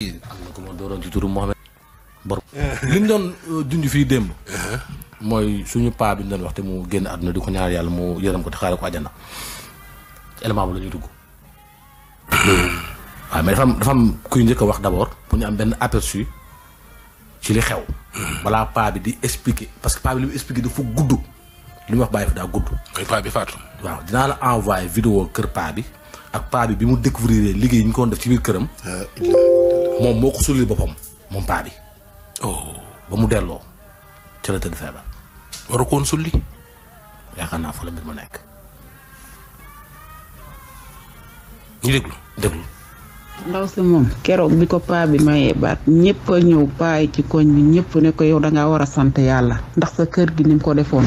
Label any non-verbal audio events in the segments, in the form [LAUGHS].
am na ko ma dooroon ci turu Mohamed li doon euh, dund fii démb mooy suñu paa bi ñu doon wax te mu génn àdduna di ko ñaar yàlla mu yërëm ko te xaare ko àjjana élément bu la ñuy dugg waaw mais dafa am kuy njëkk a wax d'abord pour ñu am benn aperçu ci li xew balaa paa bi di expliquer parce que paa bi li mu expliquer dafa gudd li mu wax bàyyi fi daa gudd paa bi faatu waaw dinaa la envoyé vidéo kër paa bi ak paa bi bi mu découvrir liggéey ñu ko def ci biir këram euh, moom moo ko sulli boppam moom paa bi. Oh. ba mu delloo ci la tëdd feebar. waru ko woon sulli. yaakaar naa fa la mbir ma nekk. ñu déglu déglu. ndaw si moom keroog bi ko paa bi mayee baat ñëpp ñëw paay ci koñ bi ñëpp ne ko yow da ngaa war a sant yàlla ndax sa kër gi nim mu ko defoon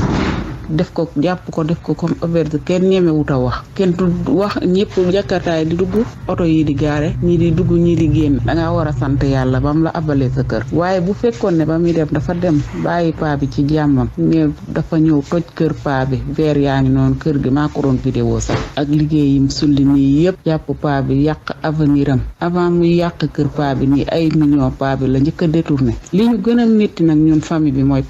def ko jàpp ko def ko comme auberge kenn ñemewut a wax kenn du wax ñëpp jàkkaartaay di dugg oto yi di gaare ñii di dugg ñii di génn dangaa war a sant yàlla ba mu la abalee sa kër waaye bu fekkoon ne ba muy dem dafa dem bàyyi paa bi ci jàmmam mais dafa ñëw toj kër paa bi veer yaa kër gi maa ko doon vidéo sax ak liggéeyim sulli nii yëpp jàpp paa bi yàq avenir am avant muy yàq kër paa bi nii ay million paa bi la njëkk a détourné li ñu gën a nag ñun famille mooy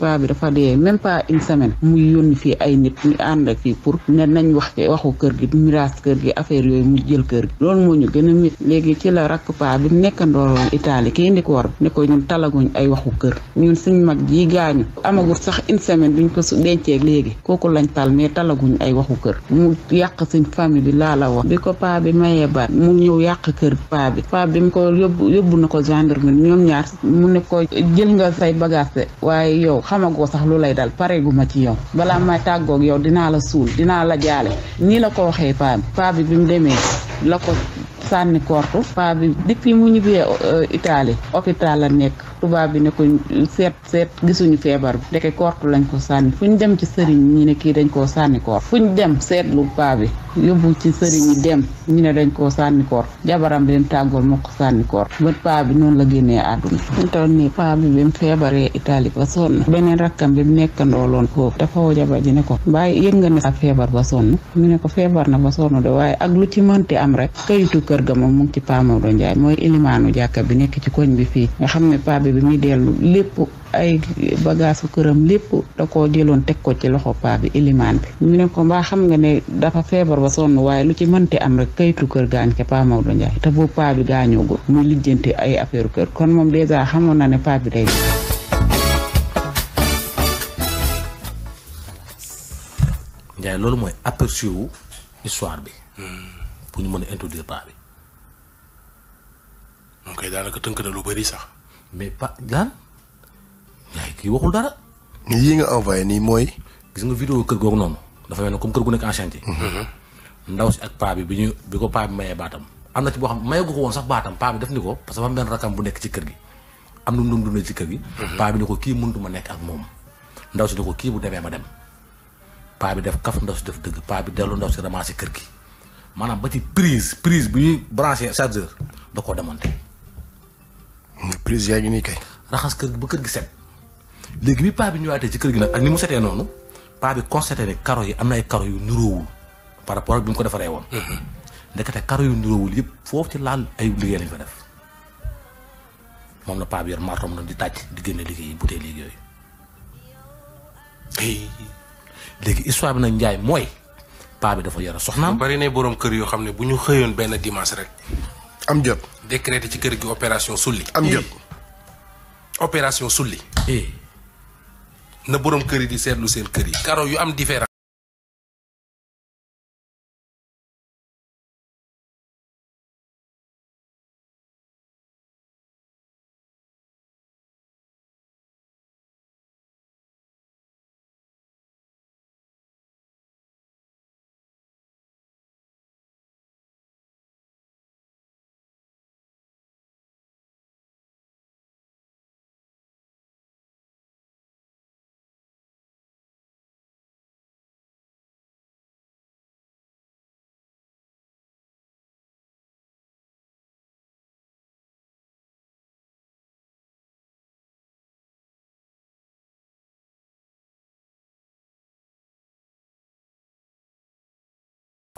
ci ay nit ñu ànd ak yi pour ne nañ wax ci waxu kër gi miraas kër gi affaire yooyu mu jël kër gi loolu moo ñu gën a léegi ci la rakk paa bi nekkandooloon Italie kii ndi ko war ne ko ñun talaguñ ay waxu kër ñun suñ mag ji gaañu amagul sax une semaine duñ ko su dencee léegi kooku lañ tal mais talaguñ ay waxu kër mu yàq suñ famille bi laa la wax bi ko paa bi mayee baat mu ñëw yàq kër paa bi paa bi mu ko yóbbu yóbbu na ko gendarmerie ñoom ñaar mu ne ko jël ngal say bagage waaye yow xamagoo sax lu lay daal pare gu ci yow tàggook yow dinaa la suul dinaa la jaale nii la ko waxee paa bi bi bi mu demee la ko sànni kortu paa bi depuis mu ñibbee euh, Italie hôpital la nekk tubaab bi ne seet seet gisuñu feebar bi ndeke kortu lañ ko sànni fu ñu dem ci sëriñ ñi ne kii dañ koo sànni kortu fuñ ñu dem seetlu paa bi yóbbu ci sëriñ yi dem ñu ne dañ koo sànni kortu jabaram bi leen tàggool moo sànni kortu ba paa bi noonu la génnee àdduna fu ñu toll nii paa bi bi mu feebaree Italie ba sonn beneen rakkam bi mu nekkandoo loon foofu dafa woo jabar ji ne ko mbaay yëg nga ne sa feebar ba sonn ñu ne ko feebar kër ga moom mu ngi ci Pa Maodo Ndiaye mooy ilimaanu jàkka bi nekk ci koñ bi fii nga xam ne pa bi bi muy dellu lépp ay bagaasu këram lépp da koo jëloon teg ko ci loxo paa ilimaan bi ñu ne ko mbaa xam nga ne dafa feebar ba sonn waaye lu ci mënti am rek kayitu kër gaañ ca paa Maodo Ndiaye te boobu paa bi ay affaire kër kon moom dèjà xamoon na ne paa bi day Ndiaye loolu mooy aperçu histoire bi. pour ñu mën a introduire moom kay daanaka tënk na lu bëri sax. mais pa lan. yaay ki waxul dara. yii iya, nga envoyé nii mooy. gis nga vidéo kër googu noonu dafa mel ne comme kër gu nekk en chantier. ndaw si ak paa bi bi ñu bi ko paa bi mayee baatam. am na ci boo xam maye ko sax baatam paa bi def ni ko parce que dafa am rakam bu nekk ci kër gi am lu mu dundee ci kër gi. Mhm. paa bi ni ko kii mënut ma nekk ak moom. ndaw si ni ko kii bu demee ma dem paa bi def kaf ndaw si def dëgg paa bi ndaw si ramasser kër gi maanaam ba ci prise prise bi ñuy branché chargeur da koo prise yaa ngi nii kay. raxas kër ba kër gi set. léegi bi paa bi ñëwaatee ci kër gi nag ak ni mu setee noonu paa bi constaté ne karo yi am na ay karo yu niroowul par rapport bi mu ko defaree woon. Mm-hmm. ndekete karo yu niroowul yëpp foofu ci laal ay liggéey lañ fa def moom la paa bi yor martom na di tàcc di génne liggéey bu tee liggéey yooyu. léegi histoire bi nag njaay mooy paa bi dafa yore soxnaam. bari na boroom kër yoo xam ne bu ñu xëyoon benn dimanche rek. am jot. décrété ci kër gi opération sulli. am njëkk eh. opération sulli. Eh. na borom kër yi di seetlu seen kër yi. karo yu am différence.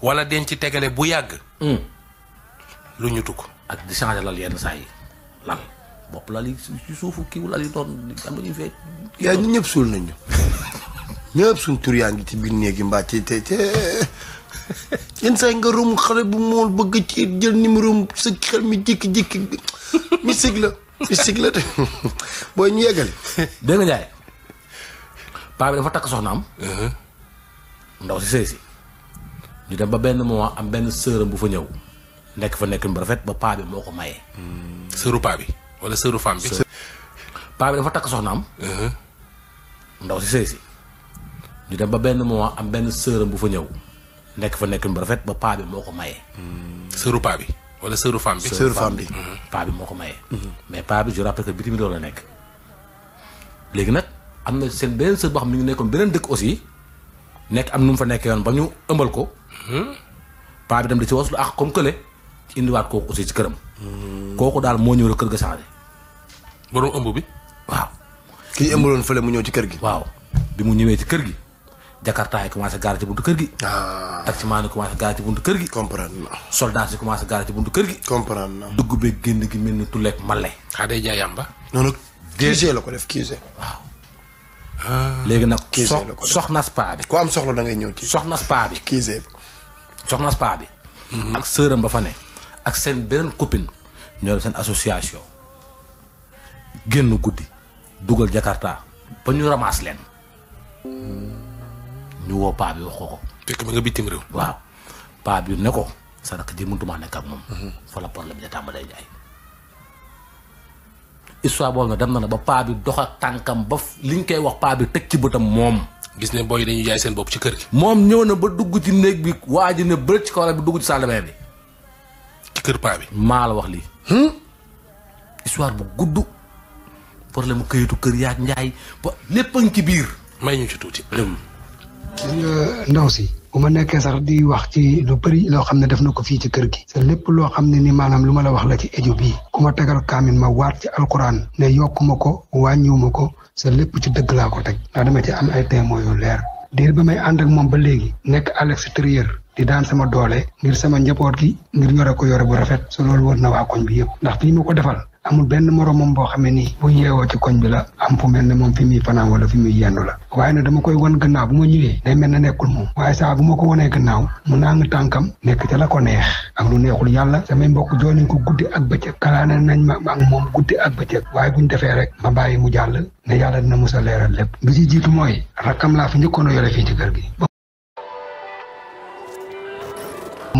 wala den ci tégalé bu hmm lu ñu tuk ak di changer la yenn say lan bop la li ci suufu ki wala li doon am ñu fee ya ñu ñëpp suul nañu [LAUGHS] ñep sun tur ya ngi ci bin néeg yi mbaa ci té te yenn nga rum xale bu mool bëgg ci jël numéro sa xel mi jik jik mi sig la mi sig la [LAUGHS] ñu yegal dégg nga jaay pa bi dafa soxnam hmm uh-huh. ndaw ci sey ñu dem ba benn moment am benn sëram bu fa ñëw nekk fa nekk bu rafet ba paa moo ko maye. Hmm. sëru paa bi wala sëru femme bi. paa bi dafa takk soxnaam. Uh-huh. ndaw si sëy ñu dem ba benn moment am benn sëram bu fa ñëw nekk fa nekk bu rafet ba paa moo ko maye. Hmm. sëru paa bi wala sëru femme bi. bi uh-huh. paa moo ko maye. Hmm. mais paa bi je rappelle que la nekk. léegi nag am na seen beneen sër boo xam ne ñu nekkoon beneen dëkk aussi nekk am nu mu fa nekkee yoon ba ñu ëmbal ko. paa bi dem da ci waslu ak comme kële ci indiwaat kooku aussi ci këram. kooku daal moo ñëw la kër ga changé. bi. waaw. kii ëmbaloon fële mu ñëw ci kër gi. waaw bi mu ñëwee ci kër gi. jakarta yi commencé gaare ci buntu kër gi. Ah. taximaan yi commencé gaare ci buntu kër gi. comprendre na. soldats yi commencé gaare ci buntu kër gi. comprendre na. dugg beeg gi mel ni tulleeg male. xaa ah, day jaay yàmba. noonu la ko def kiisee. waaw. Ah. léegi nag. kiisee la ko def soxna spa bi. am soxla dangay ñëw ci. soxna spa bi kiisee. soxna spa bi. Mhm. ak sëram ba fa ne. ak seen benn copine ñoo def seen association génn guddi dugal Jakarta ba ñu ramasse leen ñu woo paa bi waxoo ko. fekk ma nga bitim réew. waaw paa bi ne ko sa rakk ji mënut maa nekk ak moom. Mhm. fa la problème bi da tàmbalee jaay. histoire boobu nag dem na na ba paa bi dox ak tànkam ba liñ koy wax paa bi teg ci bëtam moom. gis ne booy dañuy jaay seen bopp ci kër gi. moom ñëw na ba dugg ci néeg bi waa ji ne bëri ci kawar bi dugg ci salle bi. ci kër paa bi. maa la wax lii. Hmm? histoire bu gudd. problème mu këyitu kër yaak njaay ba lépp ci biir. may ñu ci tuuti. Hmm. ndaw si. bu ma nekkee sax di wax ci lu bari loo xam ne def na ko fii ci kër gi te lépp loo xam ne ni maanaam lu ma la wax la ci éjo bii ku ma tegal kaamin ma waat ci alquran ne yokku ko wàññiwu ko sa lépp ci dëgg laa ko teg ndax dama ci am ay témoins yu leer diir ba may ànd ak moom ba léegi nekk à di daan sama doole ngir sama njaboot gi ngir yore ko yore bu rafet su loolu wër na waa koñ bi yëpp ndax fi ñu ma ko defal amul benn moromam boo xamee nii bu yeewoo ci koñ bi la am fu mel ne moom fi muy fanaan wala fi muy yendu la waaye nag dama koy wan gannaaw bu ma ñëwee day mel ne nekkul moom waaye saa bu ma ko wanee gannaaw mu nang tànkam nekk ca la ko neex ak lu neexul yàlla samay mbokk joo nañ ko guddi ak bëccëg kalaane nañ ma ak moom guddi ak bëccëg waaye buñ defee rek ma bàyyi mu jàll ne yàlla dina mos a leeral lépp bi ci jiitu mooy rakkam laa fi njëkkoon a yore fii ci kër gi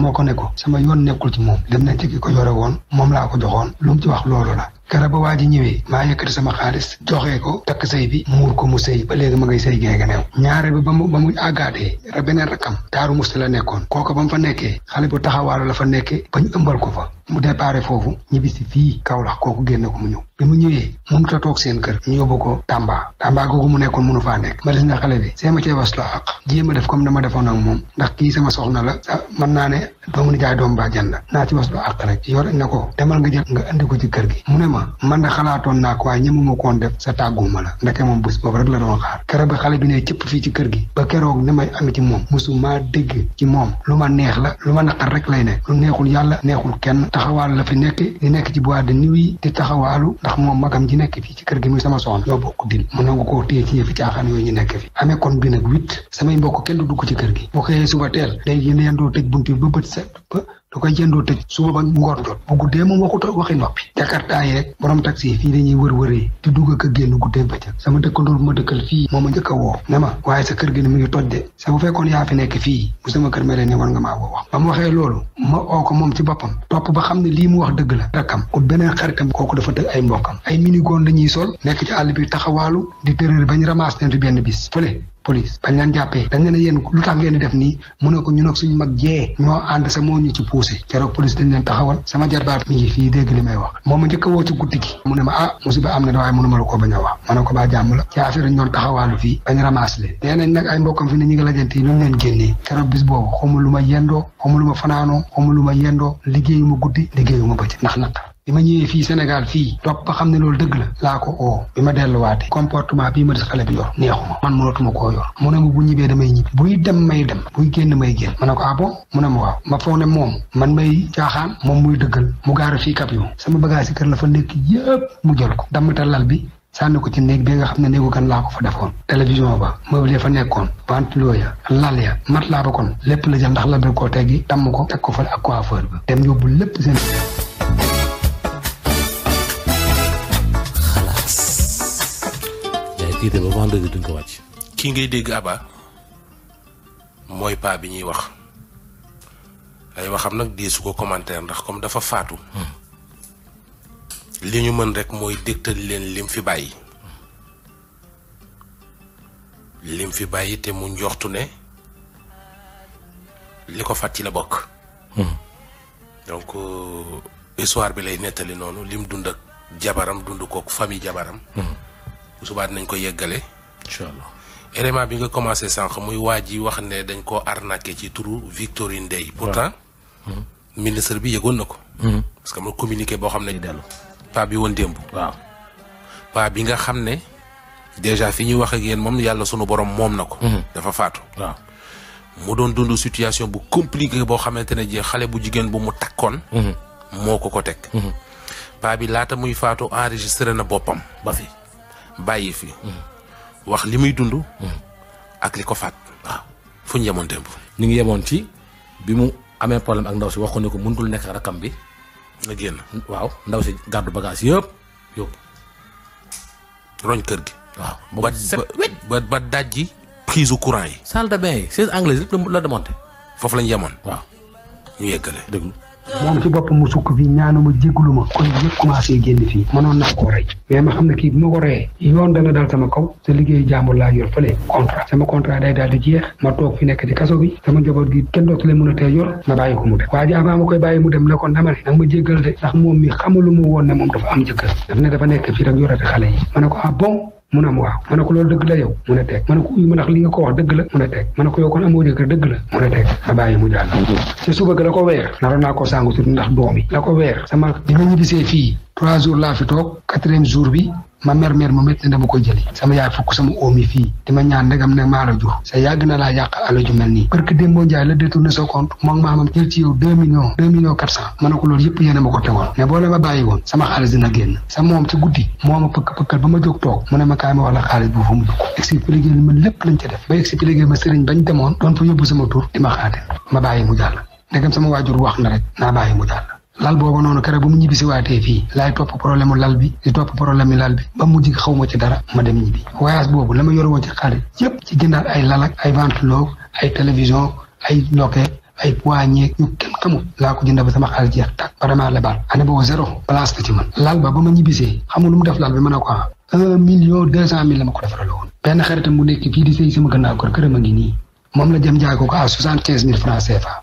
moo ko ne ko sama yoon nekkul ci moom dem na ci ko yore woon moom laa ko joxoon lu mu ci wax loolu la karaba waa ji ñëwee maa yëkkati sama xaalis joxee ko takk sëy bi muur ko mu sëy ba léegi ma ngay sëy géege neew ñaare bi ba mu ba mu àggaatee ra beneen rakkam daaru musti la nekkoon kooku ba mu fa nekkee xale bu taxawaalu la fa nekkee bañ ëmbal ko fa mu déparé foofu ñibbisi fii Kaolack kooku génne ko mu ñëw bi mu ñëwee mënut a toog seen kër ñu yóbbu ko Tamba Tamba googu mu nekkoon mënu faa nekk ma gis nga xale bi see ma cee was la ak def comme dama defoon ak moom ndax kii sama soxna la ah, mën naa ne doomu ni jaay doom ko demal nga jël nga mu naa ko waaye ñemuma koon def sa tàgguma la moom bés boobu rek la doon xaar keroog ba xale bi ne cëpp fii ci ci moom lu ma neex la lu ma naqar rek lay ne neexul yàlla neexul kenn taxawaalu la fi nekk di nekk ci bois de nuit yi taxawaalu ndax moom magam ji nekk fii ci kër gi muy sama soxna ñoo bokk dil mu nangu koo téye ci caaxaan yooyu ñu nekk fi amee kon bi nag huit samay mbokk kenn dugg ci kër gi bu xëyee suba teel day yéen doo tëj buntu bi bët set ba lu koy jëndoo tëj suba ba ngoon jot bu guddee moom waxu waxi noppi jakarta yi rek borom taxi yi fii dañuy wër wëree di dugg ak génn guddee bëccëg sama dëkkandoor bu ma dëkkal fii moo ma njëkk a woo ne ma waaye sa kër gi ni mu ngi toj de sa bu fekkoon yaa fi nekk fii bu sama kër mele ne war nga maa woo wax ba mu waxee ma oo ko moom ci boppam topp ba xam ne mu wax dëgg la rakkam ut beneen xaritam kooku dafa dëgg ay mbokkam ay minigoon la ñuy sol nekk ci àll bi taxawaalu di tërër bañ ramaas leen bis fële police bañ leen jàppee dañ leen yéen lu tax ngeen def nii mu ne ko ñun ak suñu mag jee ñoo ànd sa ñu ci poussé keroog police dañ leen taxawal sama jarbaat mi ngi fii dégg li may wax moom ma njëkk woo ci guddi gi mu ne ma ah musiba am na waaye mënuma ko wax ma ne ko baa jàmm fii bañ ramasse leen nee nañ nag ay mbokkam fi ne ñu ngi lajante yi ñu génnee keroog bis boobu lu ma yendoo xawma lu ma fanaanoo xawma lu ma yendoo liggéeyu ma guddi liggéeyu ma bëccëg ndax nag bi ma ñëwee fii Sénégal fii toog ba xam ne loolu dëgg la laa ko oo bi ma delluwaate comportement bii ma des xale bi yor neexuma man mënatuma koo yor mu ne bu ñibbee damay ñibbi buy dem may dem buy génn may génn ma ne ko ah mu ne ma waaw ma foog ne moom man may caaxaan moom muy dëggal mu gaara fii kap yo sama bagage si la fa nekk mu jël ko dammata lal bi sànni ko ci néeg bi nga xam ne néegu gan laa ko fa defoon télévision ba meuble fa nekkoon ventilo ya lal ya mat laa ba kon lépp la jël ndax la da koo teggi damm ko teg ko fa ak coiffeur ba dem yóbbu lépp seen tiitee ba vendredi duñ kii ngay dégg Abba mooy paa bi ñuy wax ay waxam nag dee ko commentaire ndax comme dafa faatu. Hmm. li ñu mën rek mooy dégtal leen lim fi bàyyi. Hmm. lim fi bàyyi te mu njoxtu ne li ko fat ci la bokk. Hmm. donc euh, histoire bi lay nettali noonu lim dund ak jabaram dund ko famille jabaram. bu subaa dinañ ko yeggale. incha allah bi nga commencé sànq muy waa ji wax ne dañ koo arnaqué ci turu Victorine Ndeye. pourtant hmm. ministre bi yëgoon na ko. Hmm. parce que ma communiqué boo xam ne. paa bi woon démb. waaw paa bi nga xam ne déjà fi ñuy wax ak moom yàlla sunu borom moom na ko. Hmm. dafa faatu. waaw mu doon dund situation bu compliquée boo xamante ne ji xale bu jigéen bu mu takkoon. moo ko ko teg. paa bi laata muy faatu enregistré na boppam ba bàyyi fi. wax li muy dund. ak li ko faat. waaw fu ñu yemoon démb. ñu ngi yemoon ci bi mu amee problème ak ndaw si wax ko ne ko mënutul nekk rakam bi. na génn waaw ndaw si gàddu bagage yëpp yóbbu. roñ kër gi. waaw ba ba ba daj ji prise au courant yi. salle de bain yi chaise anglaise yëpp la démonté. foofu lañu yemoon. waaw ñu yeggale déglu. moom ci boppam mu sukk fii ñaanuma jéggalu ma kon yëpp commencé génn fii mënoon naa koo rey mais ma xam ne kii bu ma ko reyee yoon dana dal sama kaw te liggéey jàmbur laa yor fële contrat sama contrat day daal di jeex ma toog fi nekk di kaso bi sama njaboot gi kenn dootu leen mën a tee yor ma bàyyi ko mu dem ma koy bàyyi mu dem la kon dama ne nag ma jéggal de ndax moom mi xamalu mu woon ne moom dafa am jëkkër daf ne dafa nekk fii rek yorate xale yi ma ne ko ah mun ne am waaw ma ne ko loolu dëgg la yow mu ne teg ma ne ko uyu ndax li nga ko wax dëgg la mu a teg ma ne ko yow kon amoo jëkkër dëgg la mu ne teg ma bàyyi mu jàll ci suba ga la ko weer naroon naa ko sàngu tudd ndax doom yi la ko weer sama bi ma ñibbisee fii trois jours laa fi toog quatrième jour bi ma mer mer mu metti dama koy jëli sama yaay fukk sama omi fi dima ñaan ndegam ne ma la jox sa yag na la yaq ala ju melni nii parce que démboo la détourné sa compte moom mamam jël ci yow 2 millions 2 millions 400 cent ma ne ko loolu yëpp yéen a ma ko tegoon mais la ma bàyyi woon sama xaliss dina genn sa mom ci goudi moma pekk pëkk pëkkal ba ma jóg toog mu ne ma kay ma wala xaliss bu fu mu jóg expliqué ma lepp lañ ci def ba expliqué ma sëriñ bañ demoon don fa yobbu sama tour di ma xaate ma bayyi mu jàll gam sama wajur wax na rek na bayyi mu jàll lal boobu noonu kere ba mu ñibbi si fii laay topp problème lal bi di topp problème lal bi ba mujj xaw ma ci dara ma dem ñibbi voyage boobu la ma yore woon ci xaalis yépp ci jëndaat ay lalak ay ventilo ay télévision ay loket ay poignée ñu kenn xamul laa ko jënda ba sama xaal jeex tak ba la bal ané boobu zéro place la ci man lal ba ba ma ñibbisee xamul lu mu def lal bi mën a ko am ah, un million deux cent mille la ma ko defaral woon benn xaritam mu nekk fii di sëy sama gannaaw kër këram a ngi nii moom la jëm jaay ko ko à soixante quinze mille francs CFA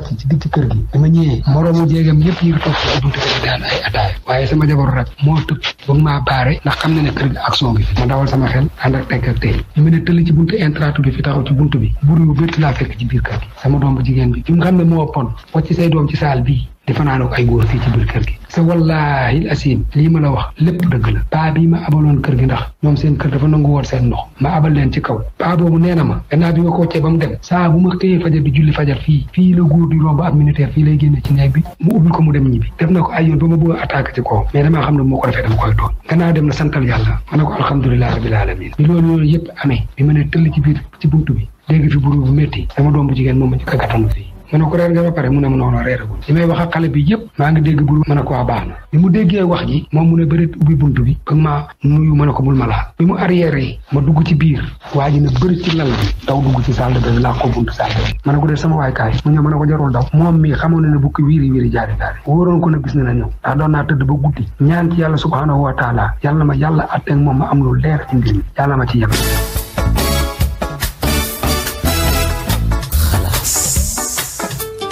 wàcc ci digg kër gi dama ñëwee moroomu jéegam ñëpp ñu ngi toog ci buntu kër gi ay ataaya waaye sama jabaru rek moo tëb bëgg maa baare ndax xam na ne kër gi ak soo ngi ma dawal sama xel ànd ak tey mu ne tëll ci buntu intratu bi fi taxaw ci buntu bi buru bu bëtt laa fekk ci biir kër gi sama doom bu jigéen bi fi mu xam ne moo pon wàcc say doom ci saal bii di naa ko ay góor fii ci biir kër gi sa wallaahi lii ma la wax lépp dëgg la paa bii ma abaloon kër gi ndax ñoom seen kër dafa nangu woon seen ndox ma abal leen ci kaw paa boobu nee na ma gannaaw bi ma ko saa bu ma xëyee fajar fii fii la góor di romb ab militaire fii ci mu ubbil ko mu dem ñibbi def na ko ay yoon ba a attaqué ne moo ko defee dama koy doon gannaaw dem na santal yàlla ma ne ko alhamdulilah rabil alamin bi loolu yooyu yëpp amee bi ma ne tëll ci biir ci buntu bi dégg fi buru bu métti sama doom bu jigéen moom ma njëkk a fii ma ne ko reer nga ba pare mu ne ma noonu reeragul li may wax ak yëpp maa ngi dégg bur ma ne baax na mu déggee wax ji moom mu ne bërit ubbi bunt bi bëgg maa nuyu ma ne ko bul ma laal mu arrière ma dugg ci biir waa ji ne bërit ci lal bi daw dugg ci salle de bain ko bunt salle de ne ko dee sama waay mu ñëw ma ne ko jarul daw moom mii xamoon na ne bukki wiiri wiiri jaari jaari wóoroon ko ne na ñëw ndax naa tëdd ba guddi ñaan ci yàlla subhaanahu wa taala yàlla ma yàlla atteeg moom ma am lu leer ci mbir mi yàlla ma ci yàlla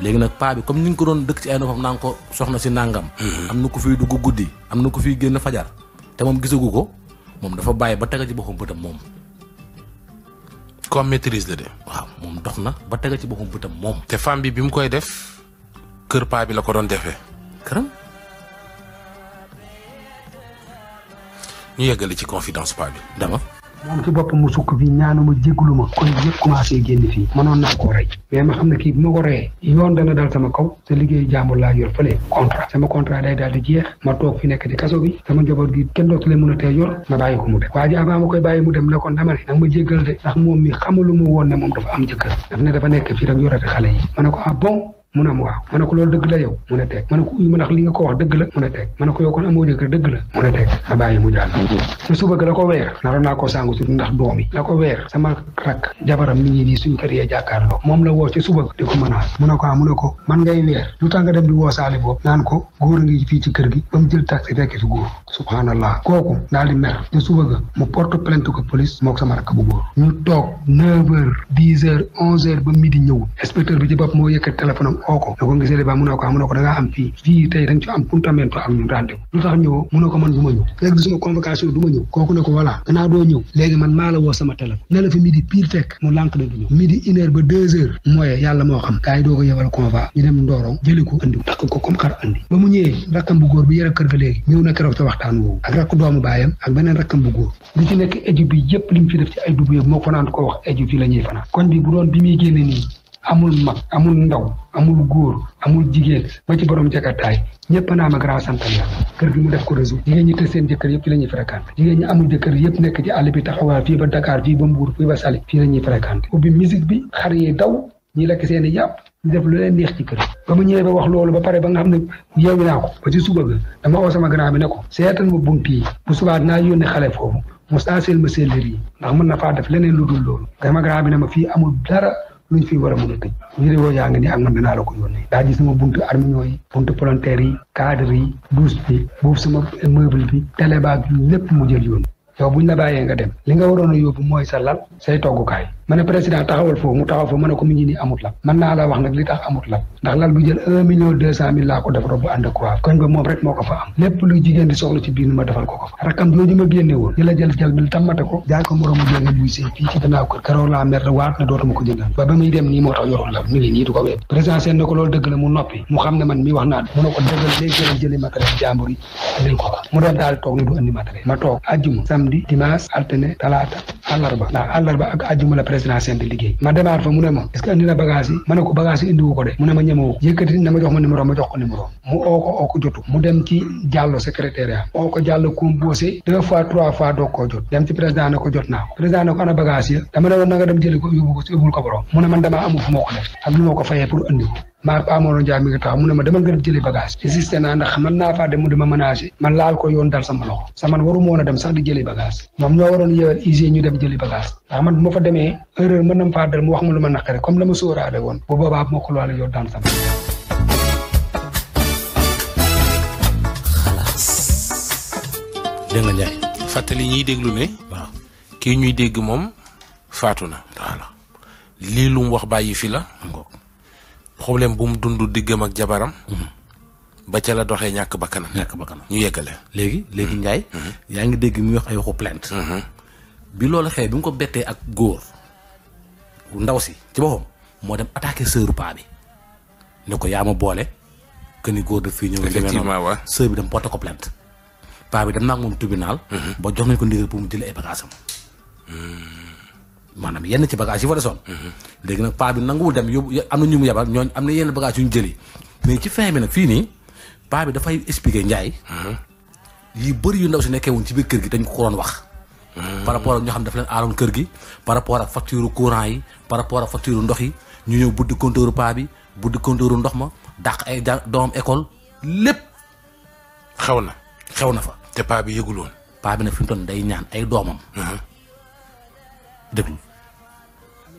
léegi nag paa bi comme ni ñu ko doon dëkk ci ay noppam naan ko soxna si nàngam mhm. am na ko fii dugg guddi am na ko fii génn fajar te moom gisagu ko moom dafa bàyyi ba tega ci boppam bëtam moom comme maîtrise la de waaw moom dox na ba tega ci boppam bëtam moom te femme bi bi mu koy def kër paa bi la ko doon defe këram ñu yeggale ci confidence paa bi dama moom ci boppam mu sukk fii ñaanu ma jégalu ma kon yëpp commencé génn kii bu ma ko reyee yoon dana dal sama kaw te liggéey jàmbur laa yor fële contrat sama contrat day daal di jeex ma toog fi nekk di kaso bi sama njaboot gi kenn dootu leen mën a tee yor ma bàyyi ko mu dem waa ji koy bàyyi mu dem la kon dama ne nag ma jéggal de ndax moom mi xamalu ma woon ne moom dafa am jëkkër daf ne dafa nekk fii rek yorati xale yi ma ne ko ah bon mu ne am waaw ma ne ko loolu dëgg la yow mu ne teg ma ne ko uyu ma ndax li nga ko wax dëgg la mu ne teg ma ne ko yow kon amoo jëkkër dëgg la mu ne teg ma bàyyi mu jàll su suba ga la ko weer naroon naa koo sàngu sut ndax doom yi la ko weer sama rakk jabaram mi ngi nii suñu kër yee jàkkaarloo moom la woo ci suba ga di ko menace mu ne ko ah mu ne ko man ngay weer lu tax nga dem di woo saali boobu naan ko góor a ngi fii ci kër gi ba mu jël taxi fekk si góor subhanallah kooku daal di mer ci suba ga mu porte plainte ko police mook sama rakk bu góor ñu toog neuf heures dix heures onze heures ba midi ñëwul inspecteur bi ci bopp moo yëkkat téléphone am oo ko na ko gisee débat mu ne ko mu ne ko da ngaa am fii fii tey da nga ci am puntamento ak ñun rendez-vous lu man du ma ñëw léegi gisuma convocation du ma ñëw kooku ne ko voilà doo ñëw léegi man maa la woo sama téléphone ne la fi midi pile fekk yàlla moo xam gars yi doo ko yebal conva ñu dem Ndorong jëli ko andi takk ko comme andi ba mu ñëwee rakkam bu góor bi yore kër ga léegi ñëw na keroog te waxtaan woowu ak rakk doomu baayam ak beneen rakkam bu góor li ci nekk éju bi yëpp li mu fi def ci ay dugg moo ko naan ko la ñuy fanaan kon bi amul mag amul ndaw amul góor amul jigéen ba ci borom jakartaay ñëpp naa am ak raw santal yàlla kër gi mu def ko réseau seen jëkkër yëpp la ñuy fréquenté jigéen ñi amul jëkkër yëpp nekk ci àll bi taxawaa fii ba Dakar fii ba Mbuur fii ba Saly fii la ñuy fréquenté ubbi musique bi xar yi i yàpp ñu def lu leen neex mu ñëwee ba wax loolu ba pare ba nga xam ne yeewu naa ko ba ci suba ga dama oo sama grand bi ne ko seetal ma bunt yi bu subaa naa yónni xale foofu mu saaseel ma selleri yi ndax mën na faa def leneen lu dul loolu sama grand bi ne ma fii amul dara luñ fi war a mën a tëj vidéo yaa ngi ni am na danaa la ko yónnee daa gis sama buntu arméniaux yi buntu volontaire yi cadre yi douche bi boobu sama meuble bi télé baag lépp mu jël yoon yow buñ na bàyyee nga dem li nga waroon a yóbbu mooy sa lal say toggukaay mané président taxawal foofu mu taxaw fa mané ko mu ni amut la man na la wax nak li tax amut la ndax lal bu jël 1 million deux cent mille laa ko defaroon bu and ak croix koñ ba mom rek moko fa am lepp lu jigen di soxlu ci biir ma defal ko ko fa rakkam ma genné won di la jël jël bil tamata ko jaay ko moroomu jël muy sey fi ci dana ko karo la mer waat na dootuma ko jëndal ba dem ni du ko président sen na ko loolu la mu nopi mu xamné man mi wax na mu nako deugal lay jël jël ma matériel def yi indil ko ko mu doon dal tok ni du andi matériel ma tok aljuma samedi dimanche alterné talata alarba ndax alarba ak aljuma la présidentielle di liggéey ma demaat fa mu ne ma est que indi na bagage yi ma ne ko ko de mu ne ma ñemewu ko yëkkati na jox ma numéro ma jox ko numéro mu oo ko jotu mu dem ci jàllo secrétariat oo ko jàllo composé deux fois trois fois doog jot dem ci président ne ko jot naa ko ne ko ana bagage dama ne woon na dem jëli ko yóbbu ko yóbbul maa paamoon jaay mi nga taxaw mu ne ma demal nga dem jëli bagage insisté naa ndax mën naa faa dem mu dama ménager man laal ko yoon dal sama loxo sa man waru moon a dem sax di jëli bagage moom ñoo waroon yeewal IG ñu dem jëli bagage ndax ma fa demee erreur mën na ma faa dal mu wax ma lu ma naqare comme la ma sóoraale woon bu boobaa bu ma ko laal yoon dal sama dégg nga Ndiaye. ñuy déglu ne. waaw ñuy dégg moom faatu na. voilà lii lu wax bàyyi fi la. xaw problème bu mu dund diggam ak jabaram. Mhm. ba ca la doxee ñàkk ba kanam. ñàkk ba kanam ñu yeggale. léegi léegi mhm. njaay mhm. yaa ngi dégg muy wax ay waxu plainte. bi loolu xewee bi mu ko bettee ak góor ndaw si ci boppam moo dem attaqué sëru paa bi ne ko yaa ma boole que ni góor daf fii ñëw. effectivement waaw sër bi dem porté ko plant paa bi dem naa ak moom tribunal. ba jox nañ ko ndigal pour mu jëlee ay bagages maanaam yenn ci bagage yi fa desoon. léegi nag paa bi nanguwul dem yóbbu am na ñu mu yabal ñooñ am na yenn bagage yu ñu jëli mais ci fin bi nag fii nii paa bi dafay expliquer Ndiaye. yi bëri yu ndaw si nekkee woon ci biir kër gi dañ ko ko doon wax. par rapport ak ñoo xam daf leen aaloon kër gi par rapport ak facture courant yi par rapport ak facture ndox yi ñu ñëw buddi compteur paa bi buddi compteur ndox ma daq ay ja doomam école lépp. xew na xew na fa. te pa bi yëgul paa bi nag fi mu toll day ñaan ay doomam.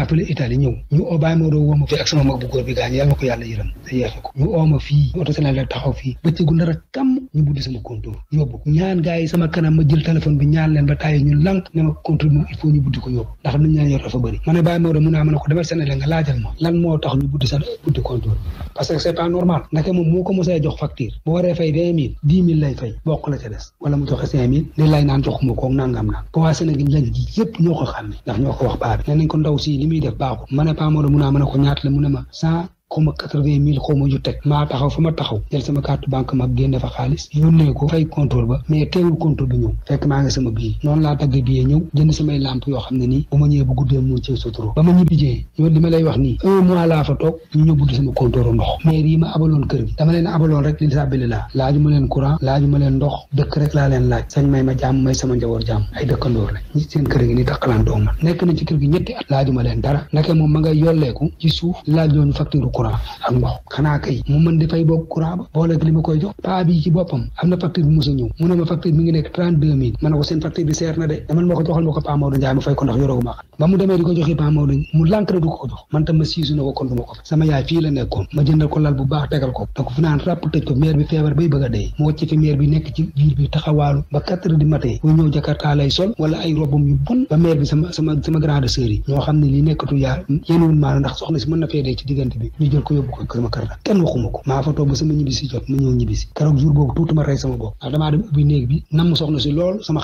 naa fële Italie ñëw ñu oo bàyyi Maodo woo ma a tàmm a ko demal Sénégal nga laajal ma lan moo tax ñu buddi sa buddi contour parce que c'est pas normal naka moom moo ko mosee jox facture bu waree fay vingt mille dix mille lay fay bokk la ca des wala mu joxe cinq ndax ñoo ko wax baa bi ne nañ ko ndaw si muy def baaxul ma ne Paa Modou mun mu ne ma cent xuma quatre-vingt mille xawma yu teg maa taxaw fa ma taxaw jël sama carte banque ma génne fa xaalis yónnee fay contrôle ba mais teewul contrôle ba ma ñibbi jee yow lay wax nii un mois laa fa toog ñu ñëw buddi sama contrôle ndox maire yi ma abaloon kër gi dama leen abaloon rek li sabili laa laaju ma leen courant laaju ma leen ndox dëkk rek laa leen laaj sañ may ma jàmm may sama njaboot jàmm ay dëkkandoor rek ñi seen kër gi ni taxalaan doo courant mu demee di ko joxe Paa mu lànk du ko jox man tam ma siisu na ko kon du ko sama yaay fii la nekkoon ma jëndal ko lal bu baax tegal ko da ko naan ràpp tëj ko maire bi feebar bay bëgg dee mu wàcc fi maire bi nekk ci biir bi taxawaalu ba quatre heures du matin ñëw jakartaa lay sol wala ay robam yu bon ba maire bi sama grande sœur ñoo xam ne li nekkatu yaa yenuwun maana ndax soxna si mën na fee dee ci diggante bi ñu jël ko yóbbu ko Kër Makar la kenn waxuma ko maa fa toog ba sama ñibbisi jot ma ñëw ñibbisi keroog jour boobu tuuti ma rey sama bopp ndax damaa dem ubbi néeg bi nam mu soxna si lool sama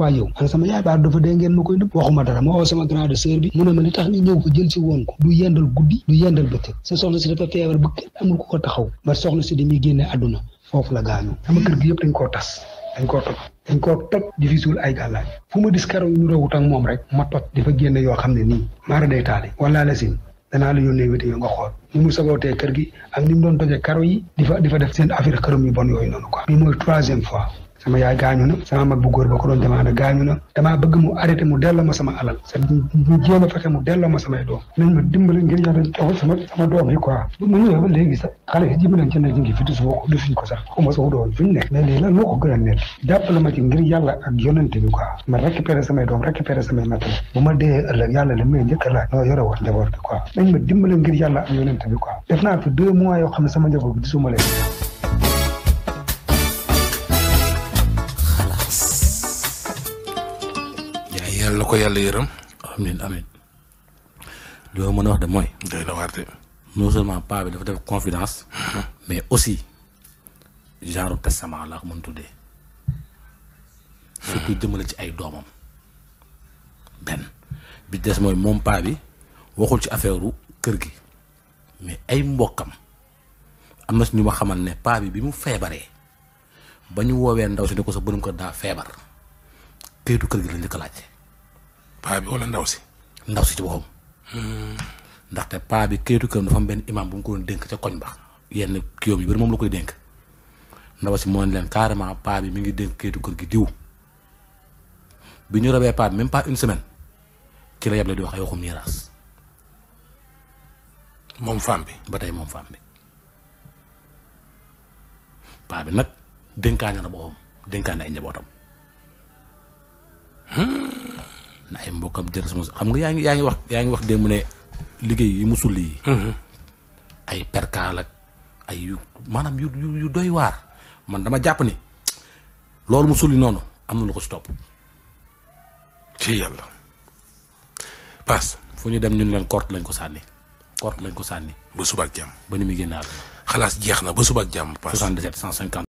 ah yaay baa dafa dee ma koy nëbb waxuma dara ma oo sama grande sœur bi mu ne ma li tax ñu ñëw ko jël si woon ko du yendal guddi du yendal bëccëg sa soxna si dafa feebar bu kenn amul ku ko taxaw ba soxna si dañuy génne àdduna foofu la gaañu sama kër gi yëpp dañ koo tas dañ koo toj dañ koo toj di fi suul ay gàllaaj fu ma dis karaw yu rawut ak moom rek ma toj di fa génne yoo xam ne nii maara day taali wala la sin danaa yoon yónnee wéti yoo nga xool ni mu sabootee kër gi ak ni mu doon toje karo yi di fa di fa def seen affaire këram yu bon yooyu noonu quoi bi mooy troisième fois sama yaay gaañu na sama mag bu góor ba ko doon demandé gaañu na damaa bëgg mu arrêté mu delloo ma sama alal c'est mu jéem a fexe mu delloo ma samay doom nañ ma dimbali ngir yàlla taxul sama sama doom yi quoi bu ma ñëwee ba léegi sax xale yi jibanañ ci ne ñu ngi fi dusu ko dusuñ ko sax xuma sax doon fi ñu nekk mais léegi lan moo ko gën a nekk jàppale ma ci ngir yàlla ak yonente bi quoi ma récupéré samay doom récupéré samay nattal bu ma dee ëllëg yàlla li may njëkk a laaj noo yore woon njaboot bi quoi nañ ma dimbali ngir yàlla ak yonente bi quoi def naa fi deux mois yoo xam ne sama njaboot bi disuma leen yàlla ko yalla yërëm. amiin amiin li mo mën wax de moy day la warté non seulement pa bi dafa def confidence. mais aussi genre testament laa ko mën tuddee. surtout jëmale ci ay domam ben bi dess moy mon pa bi waxul ci affaireu keur gi mais ay mbokam amna na suñu ma xamal né pa bi bi mu feebaree bañu ñu ndaw ci ko sa borom ko da feebar kayitu keur gi lañ la ko laajte paa bi wala ndaw si. ndaw si ci boppam. Hmm. ndaxte paa bi kayitu këram dafa am benn imam bu mu ko doon dénk ca koñ ba. yenn kiiwam yu bëri moom la koy dénk ndaw si moo leen carrément paa bi mu ngi dénk kayitu kër gi diw bi ñu rabee paa bi même pas une semaine ci la yable di wax ay waxu miiras. moom femme bi ba tey moom femme bi paa bi nag dénkaane na boppam dénkaane ay njabootam. Hmm. ndax ay mbokkam jël responsabilité xam nga yaa ngi yaa ngi wax yaa wax démb ne liggéey yi musul yi mhm. ay perkaal ak ay yu maanaam yu yu doy waar man dama jàpp ni loolu musul yi noonu am na lu ko si topp. ci yàlla paas. fu ñu dem ñun leen corte lañ ko sànni korte lañ ko sànni. ba suba ak jàmm ba ni muy génnaat. xalaas jeex na ba suba ak jàmm. paas 77 150.